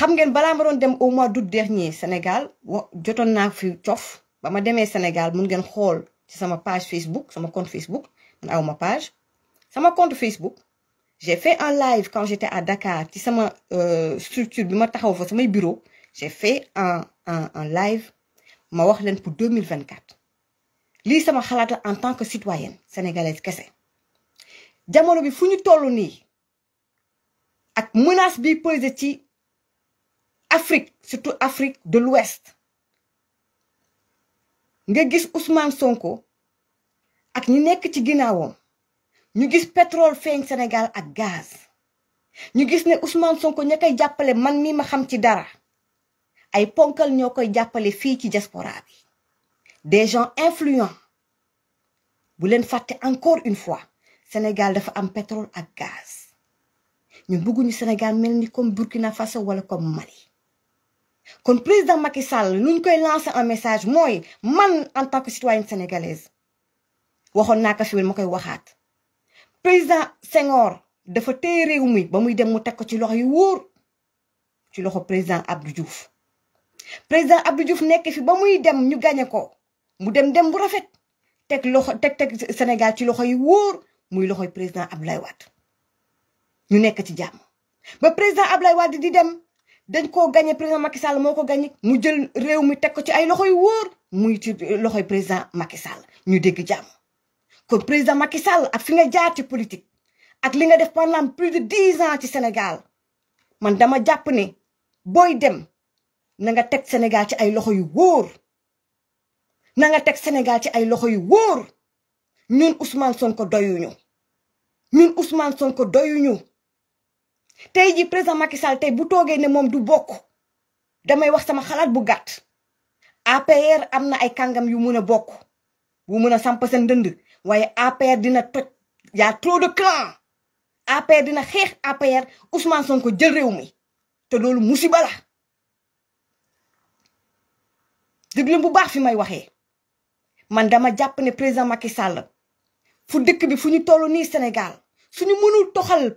xam ngeen balaa ma doon dem au mois d'août dernier Sénégal wa jotoon naa fi cof ba ma demee Sénégal mun ngeen xool ci sama page Facebook sama compte Facebook man aw ma page sama compte Facebook j'ai fait un live quand j'étais à Dakar ci sama euh, structure bi ma taxaw fa samay bureau j'ai fait un un un live ma wax leen pour 2024 lii sama xalaat en tant que citoyenne sénégalaise kese jamono bi fu ñu toll nii ak menace bi pesé ci Afrique surtout Afrique de l'Ouest nga gis Ousmane Sonko ak ñi nekk ci Nous ñu le pétrole feeñ Sénégal ak gaz Nous gis ne Ousmane Sonko qui a jàppale man mi ma xam ci dara ay ponkal ñoo koy fi diaspora des gens influents bu nous faire encore une fois Sénégal dafa un pétrole ak gaz ñun le Sénégal soit comme Burkina Faso ou comme Mali kon président Macky Sall nous ñu koy lancer un message mooy man en tant que citoyenne sénégalaise waxoon naa ko fi ma koy président Senghor dafa téye réew mi ba muy dem mu teg ko ci loxo yu wóor ci loxo président Abdou Diouf président Abdou Diouf nek fi ba muy dem ñu gañe ko mu dem dem bu rafet teg loxo tek teg Sénégal ci loxo yu wóor muy loxoy président Abdoulaye Wade ñu nek ci jàmm ba président Abdoulaye Wade di dem. dañ koo gagné président Macky Sall moo ko gagné mu jël réew mi teg ko ci ay loxo yu wóor muy ci loxoy président Macky Sall ñu dégg jàmm ko président Macky Sall ak fi nga jaar ci politique ak li nga def pendant plus de dix ans ci Sénégal man dama jàpp ne booy dem na nga teg Sénégal ci ay loxo yu wóor na nga teg Sénégal ci ay loxo yu wóor ñun Ousmane Sonko doyuñu ñun Ousmane Sonko doyuñu tay ji président Macky Sall tay bu toogee ne mom du bokk damay wax sama xalat bu gàtt APR amna ay kangam yu mun a bokk bu mun samp seen dënd waye APR dina toj ya trop de clan APR dina xex APR Ousmane Sonko jël réew mi te loolu musiba la diglu bu baax fi may waxee man dama japp ne président Macky Sall fu dëkk bi fu ñu tollu ni Sénégal suñu mënul toxal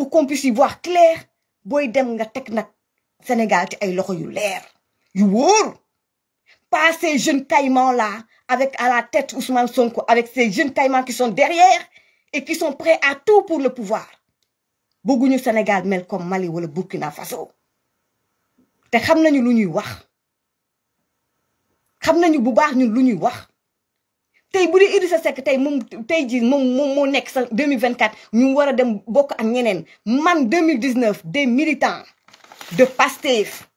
pour qu'on puisse y voir clair Boy dem nga tek Sénégal ci ay loxo yu leer yu pas ces jeunes caïmans là avec à la tête Ousmane Sonko avec ces jeunes caïmans qui sont derrière et qui sont prêts à tout pour le pouvoir bëgguñu Sénégal mel comme Mali ou le Burkina Faso Té xamnañu luñuy wax Xamnañu tay boudi dee Idrissa Seck tey moom tey jii moom moom sa 2024 ñu wara dem bokk ak ñeneen man 2019 des militants de Pastef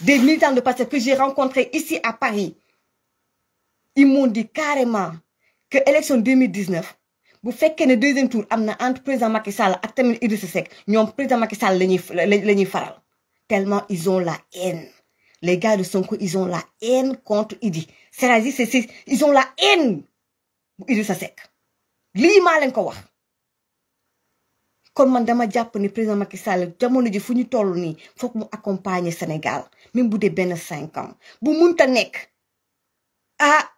des militants de Pastef que j'ai rencontré ici à Paris ils m'ont dit carrément que élection 2019 bu que le deuxième tour amna entre président Macky Sall ak tamit Idrissa sec ñom président Macky Sall lañuy lañuy faral tellement ils ont la haine les gars de Sonko ils ont la haine contre Idi cest la c'est ils ont la haine bu Idrissa Seck lii ma Comme ko wax président Macky Sall jamono ji je accompagne le Sénégal même bu de cinq ans Vous munta ah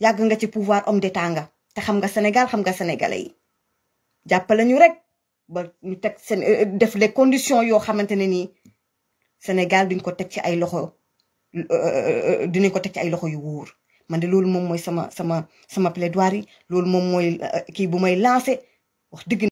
y'a nga ci pouvoir homme d'étanga. nga xam Sénégal xam nga sénégalais Sénégal. rek euh, les conditions yo Sénégal d'une ko ailleurs. Euh, euh, euh, dinañ ko teg ci ay loxo yu wóor man de loolu moom mooy sama sama sama plaidoirie loolu moom mooy kii bu may lancé wax